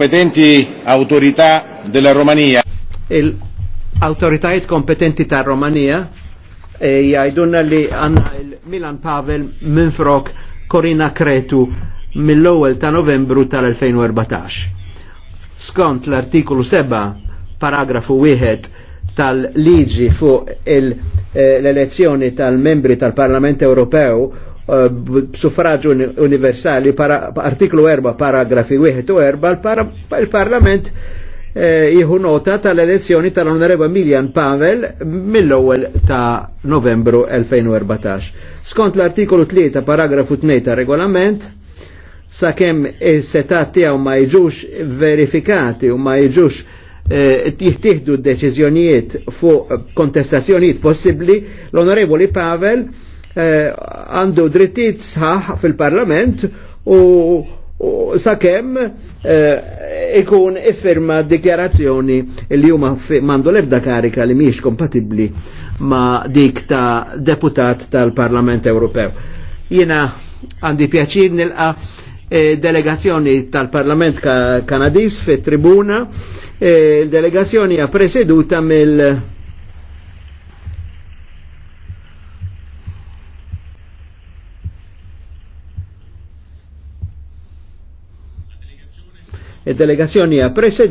kompetenti autorità della Romania. Il-autoritajiet kompetenti ta' Romania e jajdunna li għanna il-Milan Pavel minfrok Korina Kretu mill-ewwel ta' Novembru tal-2014. Skont l-artikolu 7, paragrafu 1 tal-liġi fuq eh, l-elezzjoni tal-membri tal-Parlament Ewropew b'suffraġġ eh, universali para artiklu 4 paragrafi 1 u 4 il-Parlament eh, jieħu nota tal-elezzjoni tal-Onoreva Miljan Pavel mill-ewwel ta' Novembru 2014. Skont l-artikolu 3 paragrafu 2 ta' regolament, sakemm is-setat tiegħu ma jiġux verifikati u ma jiġux eh, jittieħdu d-deċiżjonijiet fuq kontestazzjonijiet possibbli, l-Onorevoli Pavel għandu drittijiet sħaħ fil-parlament u u sakemm eh, ikun iffirma dikjarazzjoni li huma mandu lebda karika li mhijiex kompatibbli ma dik ta' deputat tal-Parlament Ewropew. Jiena għandi pjaċir nilqa eh, delegazzjoni tal-Parlament ka Kanadis fit tribuna eh, il-delegazzjoni e, ha preseduta mill Id-delegazzjoni hija